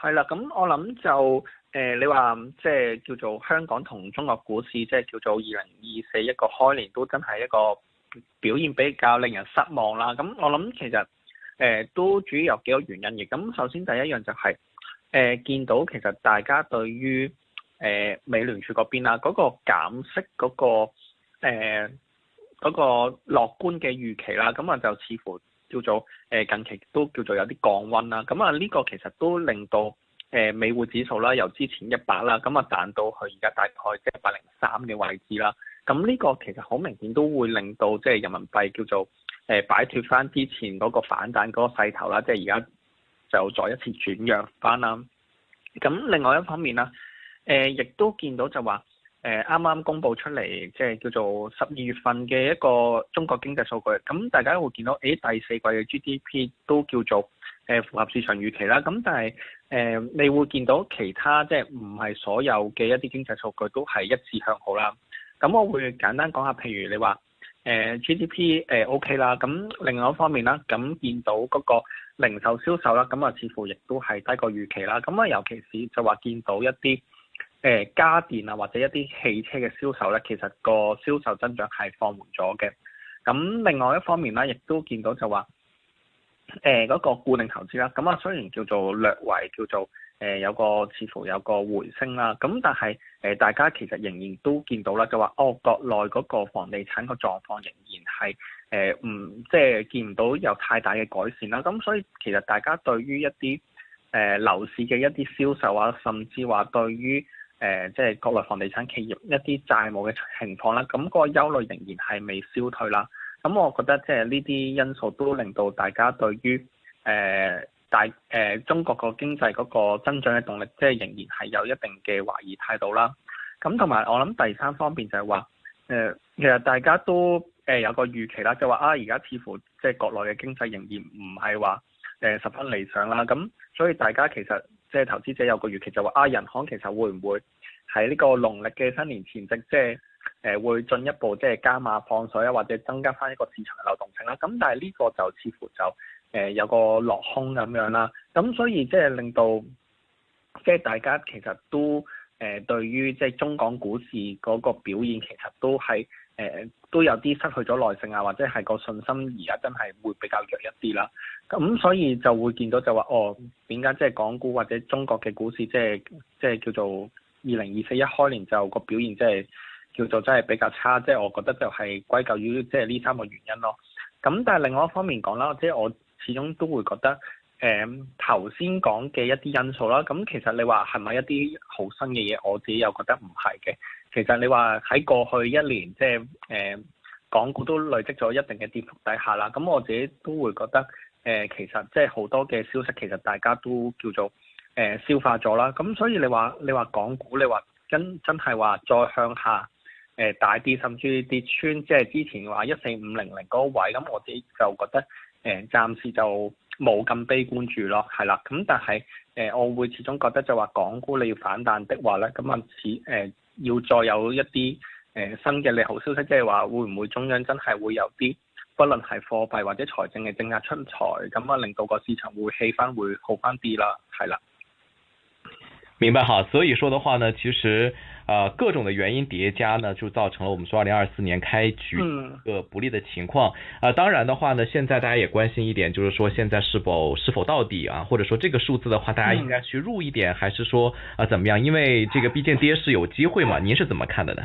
係啦，咁我諗就誒、呃，你話即係叫做香港同中國股市，即、就、係、是、叫做二零二四一個開年都真係一個表現比較令人失望啦。咁我諗其實誒、呃、都主要有幾個原因嘅。咁首先第一樣就係、是、誒、呃、見到其實大家對於誒、呃、美聯儲嗰邊啦，嗰、那個減息嗰、那個誒嗰、呃那個樂觀嘅預期啦，咁啊就似乎～叫做誒近期都叫做有啲降溫啦，咁啊呢個其實都令到誒美匯指數啦由之前一百啦，咁啊彈到去而家大概即係一百零三嘅位置啦。咁呢個其實好明顯都會令到即係人民幣叫做誒擺脫翻之前嗰個反彈嗰個勢頭啦，即係而家就再一次轉弱翻啦。咁另外一方面啦，誒亦都見到就話，誒啱啱公布出嚟，即係叫做十二月份嘅一個中國經濟數據，咁大家會見到，誒第四季嘅 GDP 都叫做誒、呃、符合市場預期啦，咁但係誒、呃、你會見到其他即係唔係所有嘅一啲經濟數據都係一致向好啦，咁我會簡單講下，譬如你話誒、呃、GDP 誒、呃、OK 啦，咁另外一方面啦，咁見到嗰個零售銷售啦，咁啊似乎亦都係低過預期啦，咁啊尤其是就話見到一啲。誒、呃、家電啊，或者一啲汽車嘅銷售咧，其實個銷售增長係放緩咗嘅。咁另外一方面啦，亦都見到就話，誒、呃、嗰、那個固定投資啦。咁啊，雖然叫做略為叫做誒、呃、有個似乎有個回升啦，咁但係誒、呃、大家其實仍然都見到啦，就話哦，國內嗰個房地產個狀況仍然係誒唔即係見唔到有太大嘅改善啦。咁所以其實大家對於一啲誒、呃、樓市嘅一啲銷售啊，甚至話對於誒即係國內房地產企業一啲債務嘅情況啦，咁個憂慮仍然係未消退啦。咁我覺得即係呢啲因素都令到大家對於誒、呃、大誒、呃、中國個經濟嗰個增長嘅動力，即係仍然係有一定嘅懷疑態度啦。咁同埋我諗第三方面就係話，誒、呃、其實大家都誒、呃、有個預期啦，就話、是、啊而家似乎即係國內嘅經濟仍然唔係話。誒十分理想啦，咁所以大家其實即係投資者有個預期就話啊，人行其實會唔會喺呢個農曆嘅新年前夕，即係誒會進一步即係加碼放水啊，或者增加返一個市場嘅流動性啦。咁但係呢個就似乎就誒、呃、有個落空咁樣啦。咁所以即係令到即係大家其實都誒、呃、對於即係中港股市嗰個表現其實都係。誒、呃、都有啲失去咗耐性啊，或者係個信心啊，而家真係會比較弱一啲啦。咁、嗯、所以就會見到就話哦點解即係港股或者中國嘅股市，就是，即係即係叫做二零二四一開年就個表現，就是，即係叫做真係比較差。即、就、係、是、我覺得就係歸咎於即係呢三個原因咯。咁、嗯、但係另外一方面講啦，即、就、係、是、我始終都會覺得誒頭先講嘅一啲因素啦。咁、嗯、其實你話係咪一啲好新嘅嘢，我自己又覺得唔係嘅。其實你話喺過去一年，即係誒港股都累積咗一定嘅跌幅底下啦。咁我自己都會覺得誒、呃，其實即係好多嘅消息，其實大家都叫做誒、呃、消化咗啦。咁所以你話你話港股，你話真真係話再向下誒、呃、大跌，甚至跌穿即係之前嘅話一四五零零嗰個位，咁我自己就覺得誒、呃、暫時就冇咁悲觀住咯。係啦，咁但係誒、呃、我會始終覺得就話港股你要反彈的話咧，咁啊似誒。呃要再有一啲誒、呃、新嘅利好消息，即係話會唔會中央真係會有啲，不論係貨幣或者財政嘅政策出台，咁啊令到個市場會氣氛會好翻啲啦，係啦。明白哈，所以說的話呢，其實。啊，各種的原因疊加呢，就造成了我們說二零二四年開局個不利的情況。嗯、啊，當然的話呢，現在大家也關心一點，就是說現在是否是否到底啊，或者說這個數字的話，大家應該去入一點，嗯、還是說啊，怎麼樣？因為這個畢竟跌市有機會嘛。您是怎麼看的呢？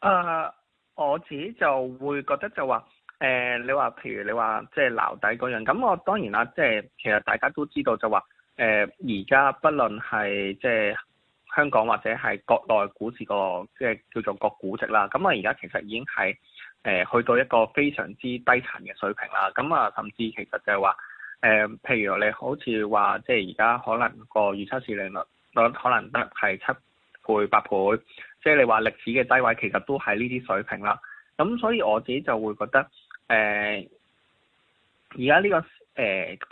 啊、呃，我自己就會覺得就話，誒、呃，你話譬如你話即係撈底嗰樣，咁我當然啦，即係其實大家都知道就話，誒、呃，而家不論係即係。香港或者係國內股市個即係叫做個估值啦。咁啊，而家其實已經係誒、呃、去到一個非常之低層嘅水平啦。咁啊，甚至其實就係話誒，譬如你好似話，即係而家可能個預測市盈率率可能得係七倍、八倍，即係你話歷史嘅低位其實都喺呢啲水平啦。咁、嗯、所以我自己就會覺得誒，而家呢個誒、呃，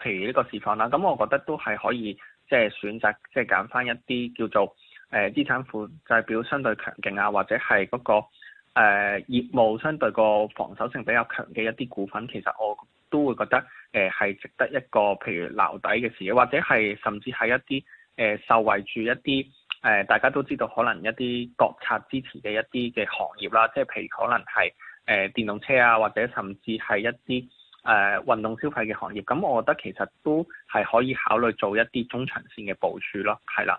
譬如呢個市況啦，咁、嗯、我覺得都係可以即係選擇即係揀翻一啲叫做誒、呃、資產負債表相對強勁啊，或者係嗰、那個誒、呃、業務相對個防守性比較強嘅一啲股份，其實我都會覺得誒係、呃、值得一個譬如撈底嘅事，或者係甚至係一啲誒、呃、受惠住一啲誒、呃、大家都知道可能一啲國策支持嘅一啲嘅行業啦，即係譬如可能係誒、呃、電動車啊，或者甚至係一啲誒、呃、運動消費嘅行業，咁我覺得其實都係可以考慮做一啲中長線嘅部署咯，係啦。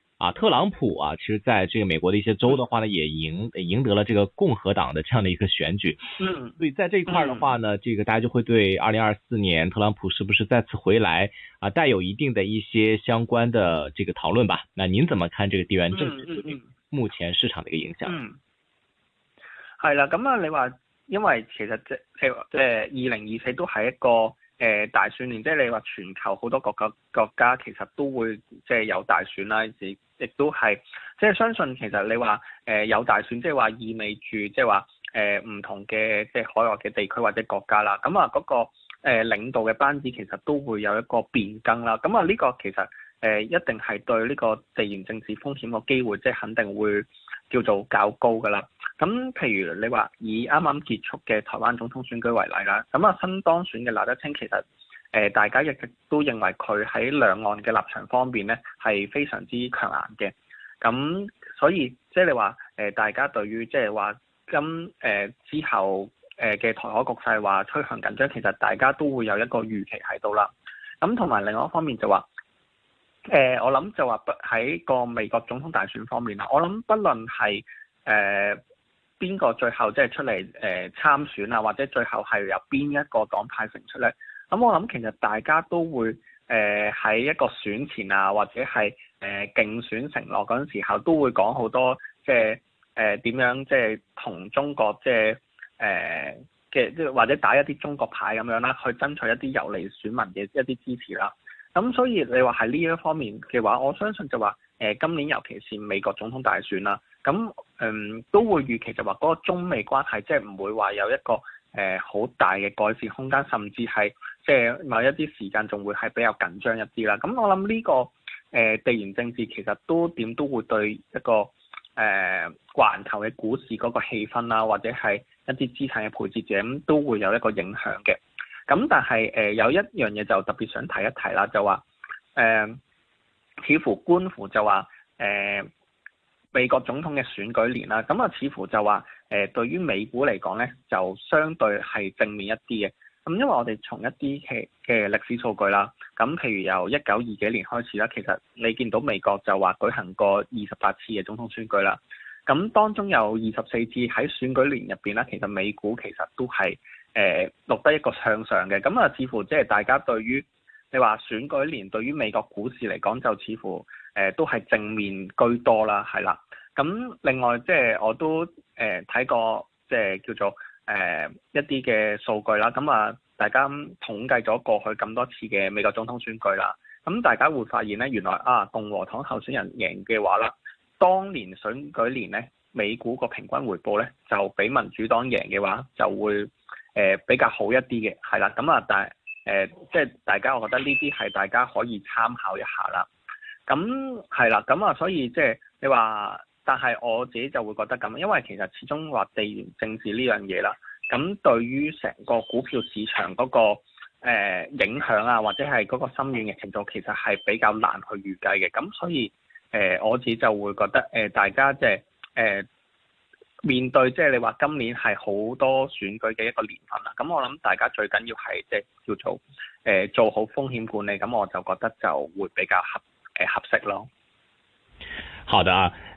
啊，特朗普啊，其實在這個美國的一些州的話呢，也贏贏得了這個共和黨的這樣的一個選舉。嗯、mm，hmm. 所以在這一塊的話呢，這個大家就會對二零二四年特朗普是不是再次回來啊，帶有一定的一些相關的這個討論吧。那您怎麼看這個地緣政治對、mm hmm. 目前市場的一個影響？嗯，係、嗯、啦，咁、嗯、啊，你話因為其實即係即係二零二四都係一個誒、呃、大選年，即係你話全球好多國家國，國家其實都會即係有大選啦，亦都係，即係相信其實你話誒、呃、有大選，即係話意味住即係話誒唔同嘅即係海外嘅地區或者國家啦。咁啊嗰個誒、呃、領導嘅班子其實都會有一個變更啦。咁啊呢個其實誒、呃、一定係對呢個地緣政治風險嘅機會，即係肯定會叫做較高㗎啦。咁譬如你話以啱啱結束嘅台灣總統選舉為例啦，咁啊新當選嘅賴清德其實。誒、呃，大家亦都認為佢喺兩岸嘅立場方面呢係非常之強硬嘅。咁所以即係你話誒，大家對於即係話今誒、呃、之後誒嘅、呃、台海局勢話趨向緊張，其實大家都會有一個預期喺度啦。咁同埋另外一方面就話誒、呃，我諗就話不喺個美國總統大選方面啦。我諗不論係誒邊個最後即係出嚟誒、呃、參選啊，或者最後係由邊一個黨派勝出咧？咁、嗯、我諗其實大家都會誒喺、呃、一個選前啊，或者係誒、呃、競選承諾嗰陣時候，都會講好多即係誒點樣即係同中國即係誒嘅即係或者打一啲中國牌咁樣啦、啊，去爭取一啲遊離選民嘅一啲支持啦、啊。咁、嗯、所以你話喺呢一方面嘅話，我相信就話誒、呃、今年尤其是美國總統大選啦、啊，咁嗯都會預期就話嗰個中美關係即係唔會話有一個誒好、呃、大嘅改善空間，甚至係。即係某一啲時間仲會係比較緊張一啲啦，咁我諗呢、這個誒、呃、地緣政治其實都點都會對一個誒環、呃、球嘅股市嗰個氣氛啦，或者係一啲資產嘅配置者都會有一個影響嘅。咁但係誒、呃、有一樣嘢就特別想提一提啦，就話誒、呃、似乎關乎就話誒、呃、美國總統嘅選舉年啦，咁啊似乎就話誒、呃、對於美股嚟講咧，就相對係正面一啲嘅。咁因為我哋從一啲嘅嘅歷史數據啦，咁譬如由一九二幾年開始啦，其實你見到美國就話舉行過二十八次嘅總統選舉啦，咁當中有二十四次喺選舉年入邊啦，其實美股其實都係誒、呃、錄得一個向上嘅，咁啊似乎即係大家對於你話選舉年對於美國股市嚟講就似乎誒、呃、都係正面居多啦，係啦，咁另外即係我都誒睇、呃、過即係叫做。誒、呃、一啲嘅數據啦，咁啊大家統計咗過去咁多次嘅美國總統選舉啦，咁大家會發現呢，原來啊共和黨候選人贏嘅話啦，當年選舉年呢，美股個平均回報呢，就比民主黨贏嘅話就會誒、呃、比較好一啲嘅，係啦，咁啊但係誒即係大家，我覺得呢啲係大家可以參考一下啦，咁係啦，咁啊所以即係你話。但係我自己就會覺得咁，因為其實始終話地緣政治呢樣嘢啦，咁對於成個股票市場嗰、那個、呃、影響啊，或者係嗰個深遠嘅程度，其實係比較難去預計嘅。咁所以誒、呃，我自己就會覺得誒、呃，大家即係誒面對即係你話今年係好多選舉嘅一個年份啦。咁我諗大家最緊要係即係叫做誒、呃、做好風險管理。咁我就覺得就會比較合誒、呃、合適咯。好的、啊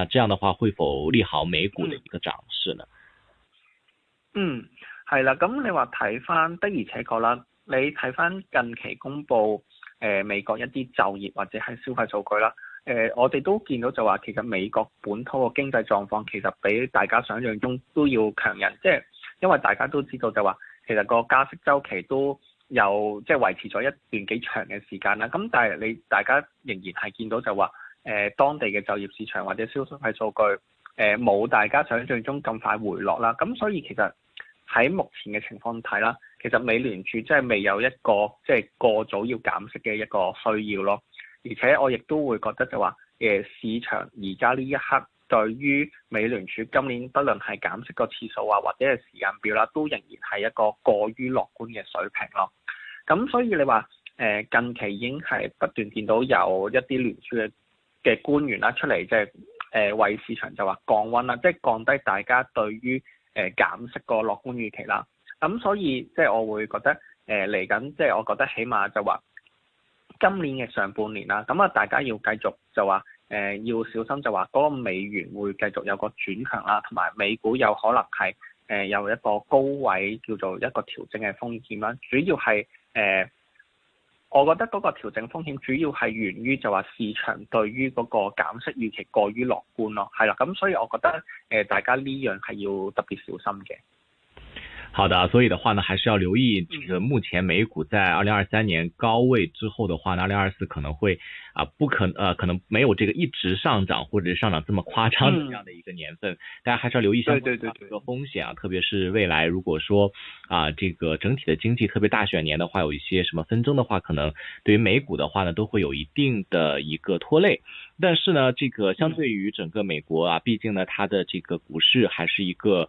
那這樣的話會否利好美股的一個漲勢呢？嗯，係啦，咁你話睇翻，的而且確啦，你睇翻近期公布誒、呃、美國一啲就業或者係消費數據啦，誒、呃，我哋都見到就話其實美國本土嘅經濟狀況其實比大家想象中都要強人，即係因為大家都知道就話其實個加息周期都有即係維持咗一段幾長嘅時間啦，咁但係你大家仍然係見到就話。誒、呃、當地嘅就業市場或者消費數據，誒、呃、冇大家想象中咁快回落啦，咁所以其實喺目前嘅情況睇啦，其實美聯儲真係未有一個即係、就是、過早要減息嘅一個需要咯，而且我亦都會覺得就話誒、呃、市場而家呢一刻對於美聯儲今年不論係減息個次數啊，或者係時間表啦、啊，都仍然係一個過於樂觀嘅水平咯，咁所以你話誒、呃、近期已經係不斷見到有一啲聯儲嘅。嘅官員啦，出嚟即係誒為市場就話降溫啦，即係降低大家對於誒、呃、減息個樂觀預期啦。咁、嗯、所以即係我會覺得誒嚟緊即係我覺得、呃、即我覺得起碼就話今年嘅上半年啦，咁啊大家要繼續就話誒、呃、要小心就話嗰個美元會繼續有個轉強啦，同埋美股有可能係誒、呃、有一個高位叫做一個調整嘅風險啦。主要係誒。呃我覺得嗰個調整風險主要係源於就話市場對於嗰個減息預期過於樂觀咯，係啦，咁所以我覺得誒、呃、大家呢樣係要特別小心嘅。好的，啊，所以的話呢，還是要留意，這個目前美股在二零二三年高位之後的話呢，二零二四可能會，啊，不可，呃，可能沒有這個一直上漲或者上漲這麼誇張的這樣的一個年份，大家還是要留意一下。對對對。這個風險啊，特別是未來如果說，啊，這個整體的經濟特別大選年的話，有一些什麼紛爭的話，可能對於美股的話呢，都會有一定的一個拖累。但是呢，這個相對於整個美國啊，畢竟呢，它的這個股市還是一個。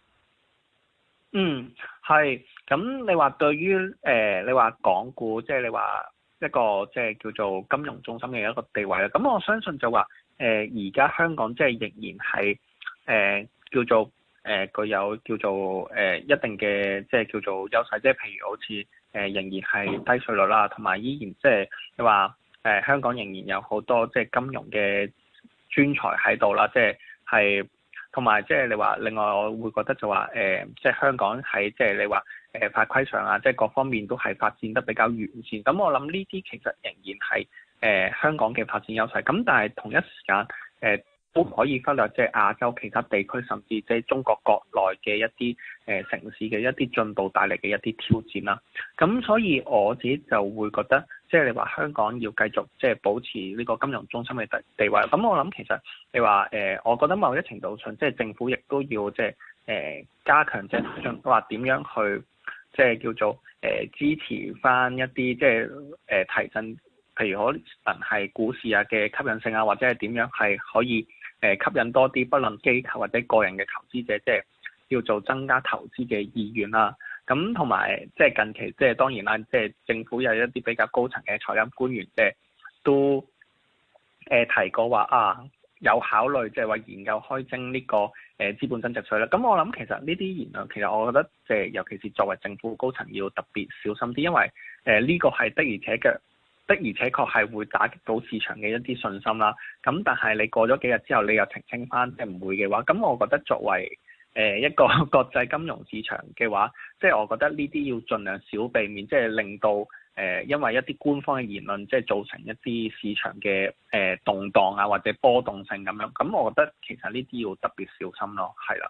嗯，係，咁你話對於誒、呃，你話港股，即係你話一個即係叫做金融中心嘅一個地位咧，咁我相信就話誒，呃、而家香港即係仍然係誒、呃、叫做誒呃、具有叫做誒、呃、一定嘅即係叫做優勢，即係譬如好似誒仍然係低稅率啦，同埋、嗯、依然即係你話誒、呃、香港仍然有好多即係金融嘅專才喺度啦，即係係。同埋即係你話，另外我會覺得就話誒，即係香港喺即係你話誒法規上啊，即係各方面都係發展得比較完善。咁我諗呢啲其實仍然係誒、呃、香港嘅發展優勢。咁但係同一時間誒、呃、都可以忽略即係、就是、亞洲其他地區，甚至即係中國國內嘅一啲誒、呃、城市嘅一啲進步帶嚟嘅一啲挑戰啦。咁所以我自己就會覺得。即係你話香港要繼續即係保持呢個金融中心嘅地地位，咁我諗其實你話誒、呃，我覺得某一定程度上，即係政府亦都要、呃、即係誒加強即係話點樣去即係叫做誒、呃、支持返一啲即係誒、呃、提振，譬如可能係股市啊嘅吸引性啊，或者係點樣係可以誒吸引多啲，不論機構或者個人嘅投資者，即係叫做增加投資嘅意願啦。咁同埋即係近期，即係當然啦，即係政府有一啲比較高層嘅財金官員嘅都誒提過話啊，有考慮即係話研究開徵呢個誒資本增值稅啦。咁、嗯、我諗其實呢啲言論，其實我覺得即係尤其是作為政府高層要特別小心啲，因為誒呢個係的，的，的而且確的而且確係會打擊到市場嘅一啲信心啦。咁、嗯、但係你過咗幾日之後，你又澄清翻即唔會嘅話，咁我覺得作為誒一個國際金融市場嘅話，即係我覺得呢啲要盡量少避免，即係令到誒因為一啲官方嘅言論，即係造成一啲市場嘅誒動盪啊，或者波動性咁樣，咁我覺得其實呢啲要特別小心咯，係啦。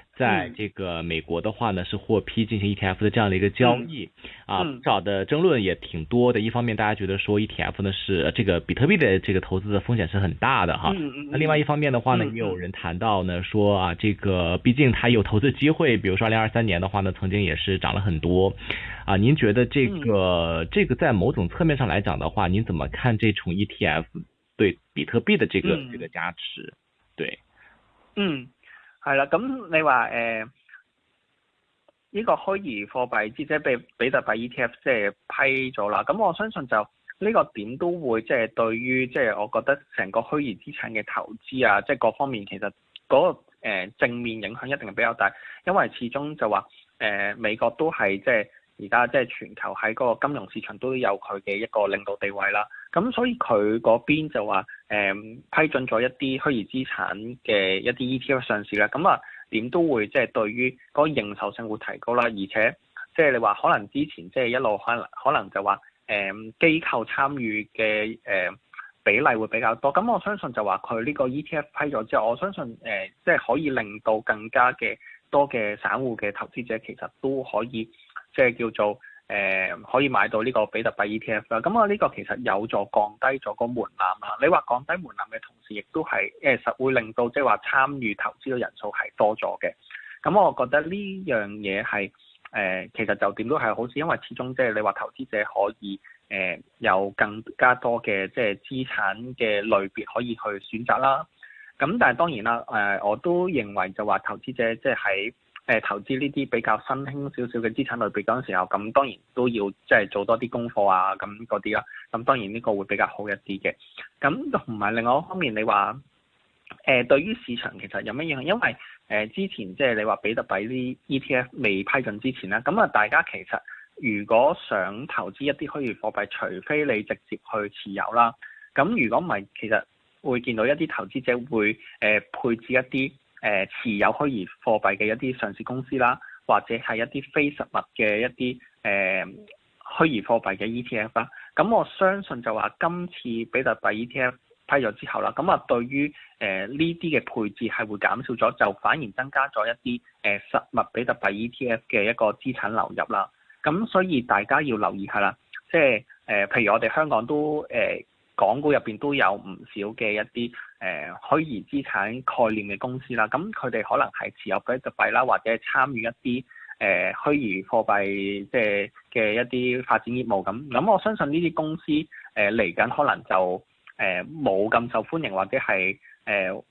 在這個美國的話呢，是獲批進行 ETF 的這樣的一個交易，嗯、啊，不少、嗯、的爭論也挺多的。一方面大家覺得說 ETF 呢是這個比特幣的這個投資的風險是很大的哈，那、嗯嗯、另外一方面的話呢，嗯、也有人談到呢，說啊，這個畢竟它有投資機會，比如說2023年的話呢，曾經也是漲了很多，啊，您覺得這個、嗯、這個在某種側面上來講的話，您怎麼看這種 ETF 對比特幣的這個這個加持？對。嗯。係啦，咁你話誒呢個虛擬貨幣，即係比特幣 ETF，即係批咗啦。咁我相信就呢個點都會即係對於即係我覺得成個虛擬資產嘅投資啊，即係各方面其實嗰個誒正面影響一定係比較大，因為始終就話誒美國都係即係。而家即係全球喺嗰個金融市場都有佢嘅一個領導地位啦，咁所以佢嗰邊就話誒、嗯、批准咗一啲虛擬資產嘅一啲 ETF 上市啦，咁啊點都會即係對於個認受性會提高啦，而且即係、就是、你話可能之前即係一路可能可能就話誒、嗯、機構參與嘅誒、嗯、比例會比較多，咁我相信就話佢呢個 ETF 批咗之後，我相信誒即係可以令到更加嘅多嘅散戶嘅投資者其實都可以。即係叫做誒、呃、可以買到呢個比特幣 ETF 啦，咁啊呢個其實有助降低咗個門檻啦。你話降低門檻嘅同時，亦都係誒實會令到即係話參與投資嘅人數係多咗嘅。咁我覺得呢樣嘢係誒其實就點都係好似因為始終即係你話投資者可以誒、呃、有更加多嘅即係資產嘅類別可以去選擇啦。咁但係當然啦，誒、呃、我都認為就話投資者即係喺誒投資呢啲比較新興少少嘅資產類別嗰陣時候，咁當然都要即係做多啲功課啊，咁嗰啲啦。咁當然呢個會比較好一啲嘅。咁同埋另外一方面，你話誒、呃、對於市場其實有乜嘢影響？因為誒、呃、之前即係、就是、你話比特幣啲 ETF 未批准之前咧，咁啊大家其實如果想投資一啲虛擬貨幣，除非你直接去持有啦。咁如果唔係，其實會見到一啲投資者會誒、呃、配置一啲。誒持有虛擬貨幣嘅一啲上市公司啦，或者係一啲非實物嘅一啲誒、呃、虛擬貨幣嘅 ETF 啦、啊，咁我相信就話今次比特幣 ETF 批咗之後啦，咁啊對於誒呢啲嘅配置係會減少咗，就反而增加咗一啲誒、呃、實物比特幣 ETF 嘅一個資產流入啦，咁所以大家要留意下啦，即係誒、呃、譬如我哋香港都誒。呃港股入邊都有唔少嘅一啲誒虛擬資產概念嘅公司啦，咁佢哋可能係持有比特幣啦，或者係參與一啲誒虛擬貨幣即係嘅一啲發展業務咁。咁我相信呢啲公司誒嚟緊可能就誒冇咁受歡迎，或者係誒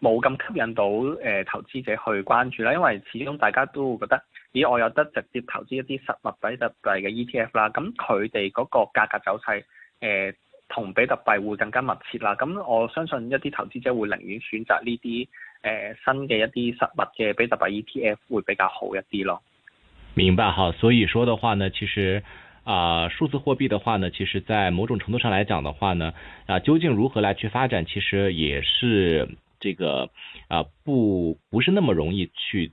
冇咁吸引到誒、呃、投資者去關注啦。因為始終大家都會覺得咦，我有得直接投資一啲實物比特幣嘅 E T F 啦，咁佢哋嗰個價格走勢誒。呃同比特幣會更加密切啦，咁我相信一啲投資者會寧願選擇呢啲誒新嘅一啲實物嘅比特幣 ETF 會比較好一啲咯。明白哈，所以說的話呢，其實啊呃、數字貨幣的話呢，其實在某種程度上嚟講的話呢，啊究竟如何嚟去發展，其實也是這個啊不不是那麼容易去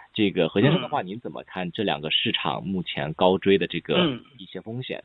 這個何先生的話，您、嗯、怎麼看這兩個市場目前高追的這個一些風險？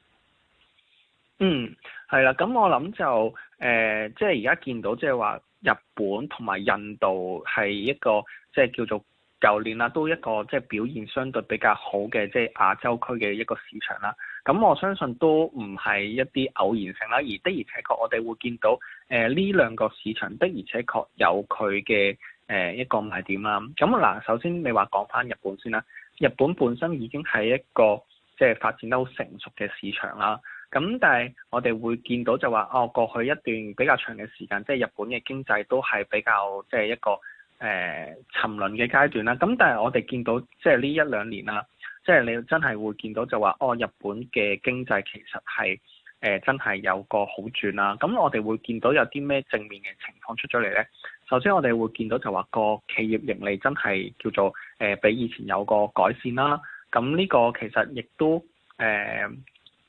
嗯，係啦，咁我諗就誒，即係而家見到即係話日本同埋印度係一個即係、就是、叫做舊年啦，都一個即係表現相對比較好嘅即係亞洲區嘅一個市場啦。咁我相信都唔係一啲偶然性啦，而的而且確我哋會見到誒呢、呃、兩個市場的而且確有佢嘅。誒一個唔係點啦。咁嗱，首先你話講翻日本先啦。日本本身已經係一個即係發展得好成熟嘅市場啦。咁但係我哋會見到就話，哦，過去一段比較長嘅時間，即係日本嘅經濟都係比較即係一個誒、呃、沉淪嘅階段啦。咁但係我哋見到即係呢一兩年啦，即係你真係會見到就話，哦，日本嘅經濟其實係誒、呃、真係有個好轉啦。咁我哋會見到有啲咩正面嘅情況出咗嚟呢？首先我哋會見到就話、是、個企業盈利真係叫做誒、呃、比以前有個改善啦，咁呢個其實亦都誒、呃、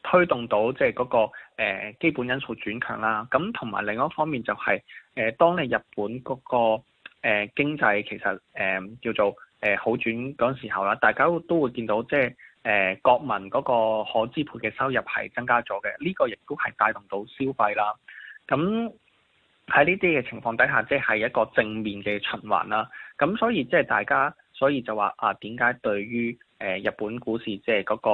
推動到即係嗰個、呃、基本因素轉強啦，咁同埋另外一方面就係、是、誒、呃、當你日本嗰、那個誒、呃、經濟其實誒、呃、叫做誒好轉嗰陣時候啦，大家都會見到即係誒國民嗰個可支配嘅收入係增加咗嘅，呢、這個亦都係帶動到消費啦，咁。喺呢啲嘅情況底下，即係一個正面嘅循環啦。咁所以即係大家，所以就話啊，點解對於誒、呃、日本股市即係嗰、那個、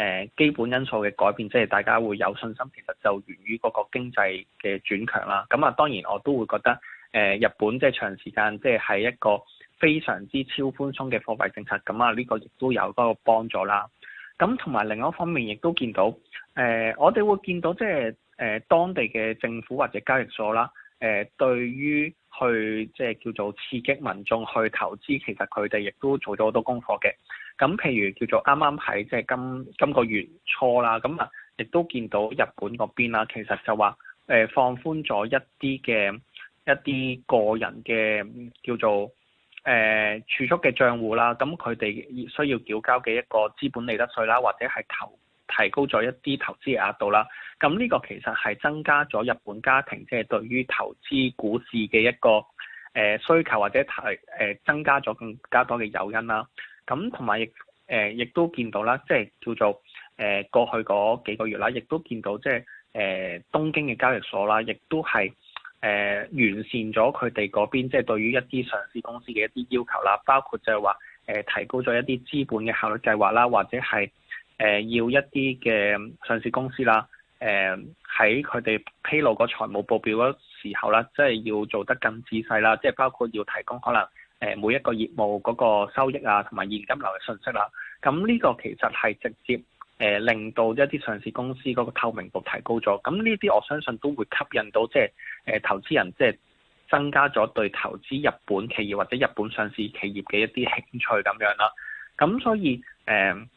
呃、基本因素嘅改變，即係大家會有信心？其實就源於嗰個經濟嘅轉強啦。咁啊，當然我都會覺得誒、呃、日本即係長時間即係係一個非常之超寬鬆嘅貨幣政策。咁啊，呢個亦都有嗰個幫助啦。咁同埋另一方面，亦都見到誒、呃，我哋會見到即係誒、呃、當地嘅政府或者交易所啦。誒對於去即係叫做刺激民眾去投資，其實佢哋亦都做咗好多功課嘅。咁譬如叫做啱啱喺即係今今個月初啦，咁啊亦都見到日本嗰邊啦，其實就話誒、呃、放寬咗一啲嘅一啲個人嘅叫做誒儲、呃、蓄嘅帳戶啦，咁佢哋需要繳交嘅一個資本利得稅啦，或者係投。提高咗一啲投資額度啦，咁呢個其實係增加咗日本家庭即係、就是、對於投資股市嘅一個誒、呃、需求或者提誒、呃、增加咗更加多嘅誘因啦。咁同埋亦誒亦都見到啦，即係、就是、叫做誒、呃、過去嗰幾個月啦，亦、啊、都見到即係誒東京嘅交易所啦，亦、啊、都係誒、呃、完善咗佢哋嗰邊即係、就是、對於一啲上市公司嘅一啲要求啦、啊，包括就係話誒提高咗一啲資本嘅效率計劃啦、啊，或者係。誒要一啲嘅上市公司啦，誒喺佢哋披露個財務報表嗰時候啦，即係要做得更仔細啦，即係包括要提供可能誒每一個業務嗰個收益啊，同埋現金流嘅信息啦。咁呢個其實，係直接誒、呃、令到一啲上市公司嗰個透明度提高咗。咁呢啲我相信都會吸引到即係誒、呃、投資人，即係增加咗對投資日本企業或者日本上市企業嘅一啲興趣咁樣啦。咁所以誒。呃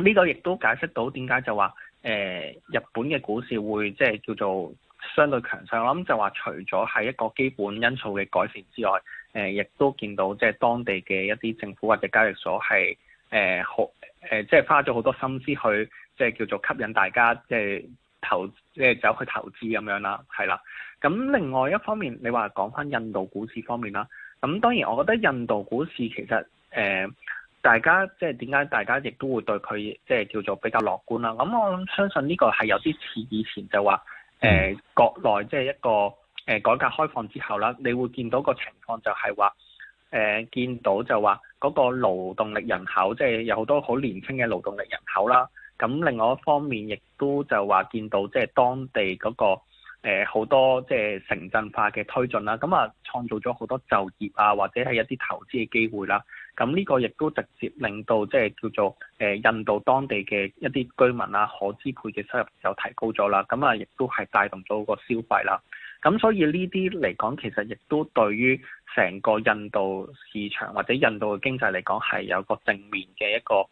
呢個亦都解釋到點解就話、是、誒、呃、日本嘅股市會即係叫做相對強勢，我諗就話除咗係一個基本因素嘅改善之外，誒、呃、亦都見到即係當地嘅一啲政府或者交易所係誒、呃、好誒、呃，即係花咗好多心思去即係叫做吸引大家即係投即係走去投資咁樣啦，係啦。咁另外一方面，你話講翻印度股市方面啦，咁當然我覺得印度股市其實誒。呃大家即係點解大家亦都會對佢即係叫做比較樂觀啦？咁我諗相信呢個係有啲似以前就話誒、嗯呃、國內即係一個誒改革開放之後啦，你會見到個情況就係話誒見到就話嗰個勞動力人口即係、就是、有好多好年輕嘅勞動力人口啦。咁另外一方面亦都就話見到即係當地嗰、那個好、呃、多即係城鎮化嘅推進啦。咁啊創造咗好多就業啊，或者係一啲投資嘅機會啦、啊。咁呢個亦都直接令到即係叫做誒、呃、印度當地嘅一啲居民啦、啊，可支配嘅收入就提高咗啦，咁啊亦都係帶動咗個消費啦。咁所以呢啲嚟講，其實亦都對於成個印度市場或者印度嘅經濟嚟講，係有個正面嘅一個誒、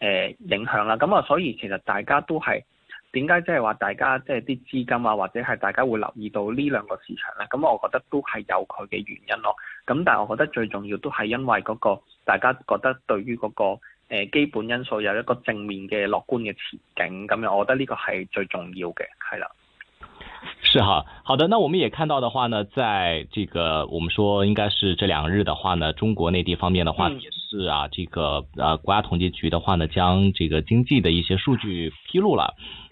呃、影響啦。咁、嗯、啊，所以其實大家都係。點解即係話大家即係啲資金啊，或者係大家會留意到呢兩個市場呢。咁我覺得都係有佢嘅原因咯。咁但係我覺得最重要都係因為嗰個、那個大家覺得對於嗰個、那個、呃、基本因素有一個正面嘅樂觀嘅前景咁樣，我覺得呢個係最重要嘅係啦。是，是哈，好的。那我們也看到的話呢，在這個我們說應該是這兩日的話呢，中國內地方面的話也、嗯、是啊，這個啊國家統計局的話呢，將這個經濟的一些數據披露啦。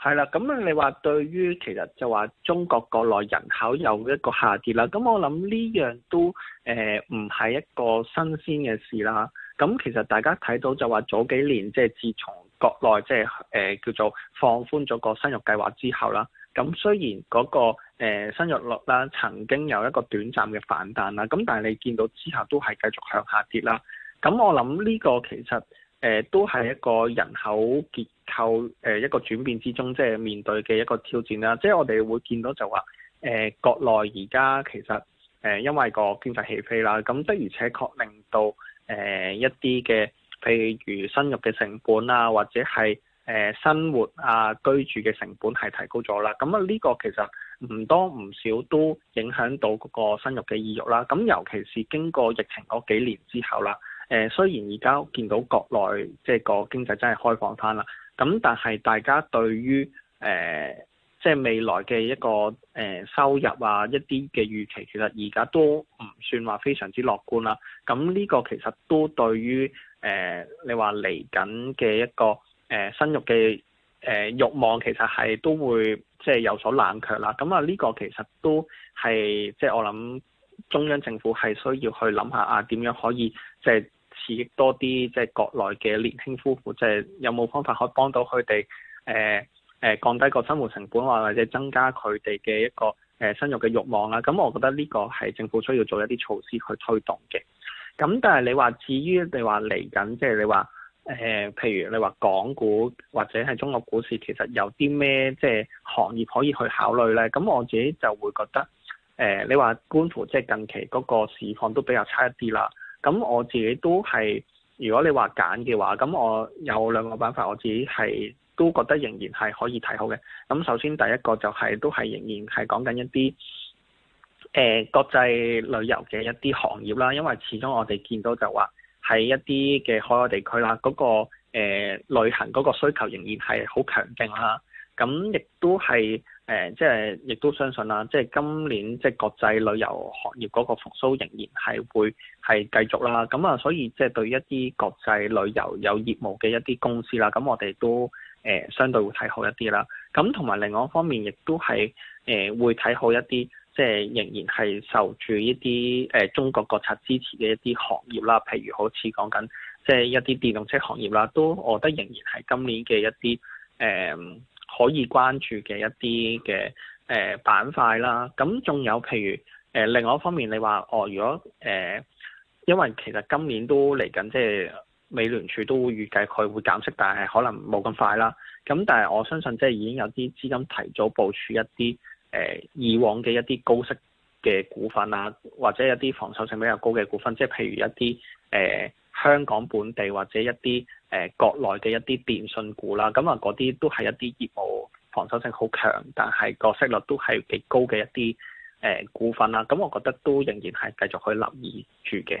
係啦，咁咧你話對於其實就話中國國內人口有一個下跌啦，咁我諗呢樣都誒唔係一個新鮮嘅事啦。咁其實大家睇到就話早幾年即係自從國內即係誒、呃、叫做放寬咗個生育計劃之後啦，咁雖然嗰個誒、呃、生育率啦曾經有一個短暫嘅反彈啦，咁但係你見到之後都係繼續向下跌啦。咁我諗呢個其實誒、呃、都係一個人口結。後誒一個轉變之中，即係面對嘅一個挑戰啦。即係我哋會見到就話誒、呃、國內而家其實誒、呃、因為個經濟起飛啦，咁的而且確令到誒、呃、一啲嘅譬如生育嘅成本啊，或者係誒、呃、生活啊居住嘅成本係提高咗啦。咁啊呢個其實唔多唔少都影響到嗰個生育嘅意欲啦。咁尤其是經過疫情嗰幾年之後啦，誒、呃、雖然而家見到國內即係個經濟真係開放返啦。咁但係大家對於誒，即、呃、係、就是、未來嘅一個誒、呃、收入啊，一啲嘅預期，其實而家都唔算話非常之樂觀啦。咁、嗯、呢、這個其實都對於誒、呃，你話嚟緊嘅一個誒、呃、生育嘅誒、呃、慾望，其實係都會即係、就是、有所冷卻啦。咁、嗯、啊，呢、這個其實都係即係我諗中央政府係需要去諗下啊，點樣可以即係。就是刺激多啲即係國內嘅年輕夫婦，即係有冇方法可以幫到佢哋？誒誒，降低個生活成本，或或者增加佢哋嘅一個誒生育嘅欲望啦。咁我覺得呢個係政府需要做一啲措施去推動嘅。咁但係你話至於你話嚟緊，即係你話誒，譬如你話港股或者係中國股市，其實有啲咩即係行業可以去考慮咧？咁我自己就會覺得誒，你話觀乎即係近期嗰個市況都比較差一啲啦。咁我自己都係，如果你話揀嘅話，咁我有兩個辦法，我自己係都覺得仍然係可以睇好嘅。咁首先第一個就係、是、都係仍然係講緊一啲，誒、呃、國際旅遊嘅一啲行業啦，因為始終我哋見到就話喺一啲嘅海外地區啦，嗰、嗰個、呃、旅行嗰個需求仍然係好強勁啦，咁亦都係。誒，即係亦都相信啦，即係今年即係國際旅遊行業嗰個復甦仍然係會係繼續啦。咁啊，所以即係對一啲國際旅遊有業務嘅一啲公司啦，咁我哋都誒相對會睇好一啲啦。咁同埋另外一方面，亦都係誒會睇好一啲，即係仍然係受住一啲誒中國國策支持嘅一啲行業啦。譬如好似講緊即係一啲電動車行業啦，都我覺得仍然係今年嘅一啲誒。嗯可以關注嘅一啲嘅誒板塊啦，咁仲有譬如誒、呃、另外一方面你，你話哦，如果誒、呃，因為其實今年都嚟緊，即係美聯儲都會預計佢會減息，但係可能冇咁快啦。咁但係我相信即係已經有啲資金提早部署一啲誒、呃、以往嘅一啲高息嘅股份啊，或者一啲防守性比較高嘅股份，即係譬如一啲誒。呃香港本地或者一啲誒、呃、國內嘅一啲電訊股啦，咁啊嗰啲都係一啲業務防守性好強，但係個息率都係幾高嘅一啲誒、呃、股份啦，咁我覺得都仍然係繼續去留意住嘅。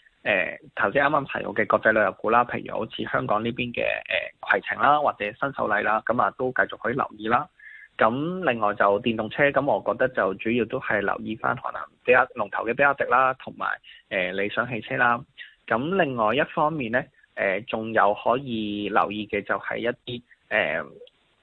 誒頭先啱啱提到嘅國際旅遊股啦，譬如好似香港呢邊嘅誒攜程啦，或者新秀禮啦，咁啊都繼續可以留意啦。咁另外就電動車，咁我覺得就主要都係留意翻可能比較龍頭嘅比亞迪啦，同埋誒理想汽車啦。咁另外一方面呢，誒、呃、仲有可以留意嘅就係一啲誒、呃、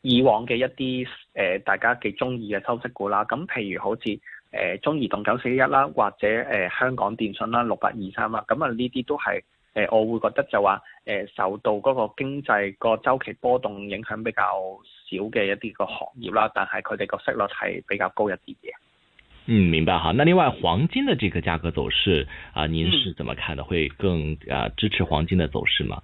以往嘅一啲誒、呃、大家幾中意嘅收息股啦。咁譬如好似。誒、呃，中移動九四一啦，或者誒、呃、香港電信啦六八二三啦，咁啊呢啲都係誒、呃、我會覺得就話誒、呃、受到嗰個經濟個周期波動影響比較少嘅一啲個行業啦，但係佢哋個息率係比較高一啲嘅。嗯，明白吓。那另外黃金嘅這個價格走勢啊，您是怎麼看的？會更啊支持黃金嘅走勢嗎？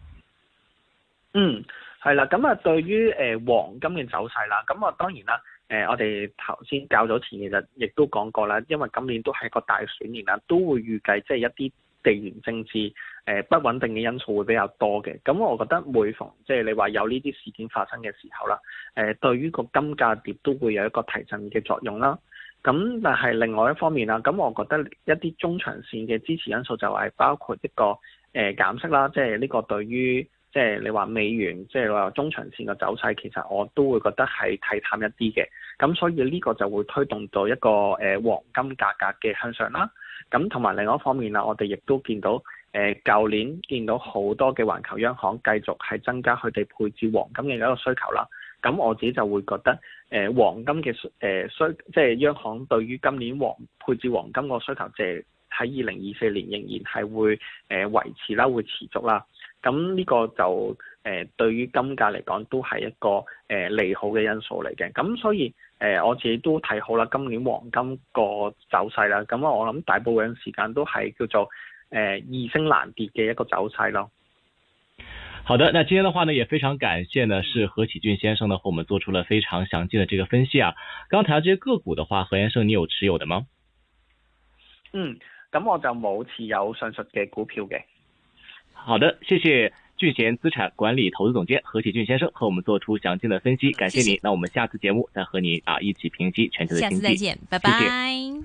嗯，係啦，咁啊對於誒、呃、黃金嘅走勢啦，咁啊當然啦。誒、呃，我哋頭先較早前其實亦都講過啦，因為今年都係個大選年啦，都會預計即係一啲地緣政治誒、呃、不穩定嘅因素會比較多嘅。咁我覺得每逢即係你話有呢啲事件發生嘅時候啦，誒、呃、對於個金價跌都會有一個提振嘅作用啦。咁但係另外一方面啦，咁我覺得一啲中長線嘅支持因素就係包括一個誒減息啦，即係呢個對於。即係你話美元，即係話中長線嘅走勢，其實我都會覺得係睇淡一啲嘅。咁所以呢個就會推動到一個誒、呃、黃金價格嘅向上啦。咁同埋另外一方面啦，我哋亦都見到誒舊、呃、年見到好多嘅環球央行繼續係增加佢哋配置黃金嘅一個需求啦。咁我自己就會覺得誒、呃、黃金嘅誒需，即係央行對於今年黃配置黃金個需求，即係喺二零二四年仍然係會誒、呃、維持啦，會持續啦。咁呢個就誒、呃、對於金價嚟講都係一個誒、呃、利好嘅因素嚟嘅，咁所以誒、呃、我自己都睇好啦，今年黃金個走勢啦，咁我諗大部分時間都係叫做誒易升難跌嘅一個走勢咯。好的，那今天的話呢，也非常感謝呢，是何啟俊先生呢，和我們做出了非常詳盡的這個分析啊。剛剛提到這些個股的話，何先生你有持有的嗎？嗯，咁我就冇持有上述嘅股票嘅。好的，謝謝聚賢資產管理投資總監何啟俊先生和我們做出詳盡的分析，感謝您，謝謝。那我們下次節目再和您啊一起評析全球的經濟。下次再見，拜拜。謝謝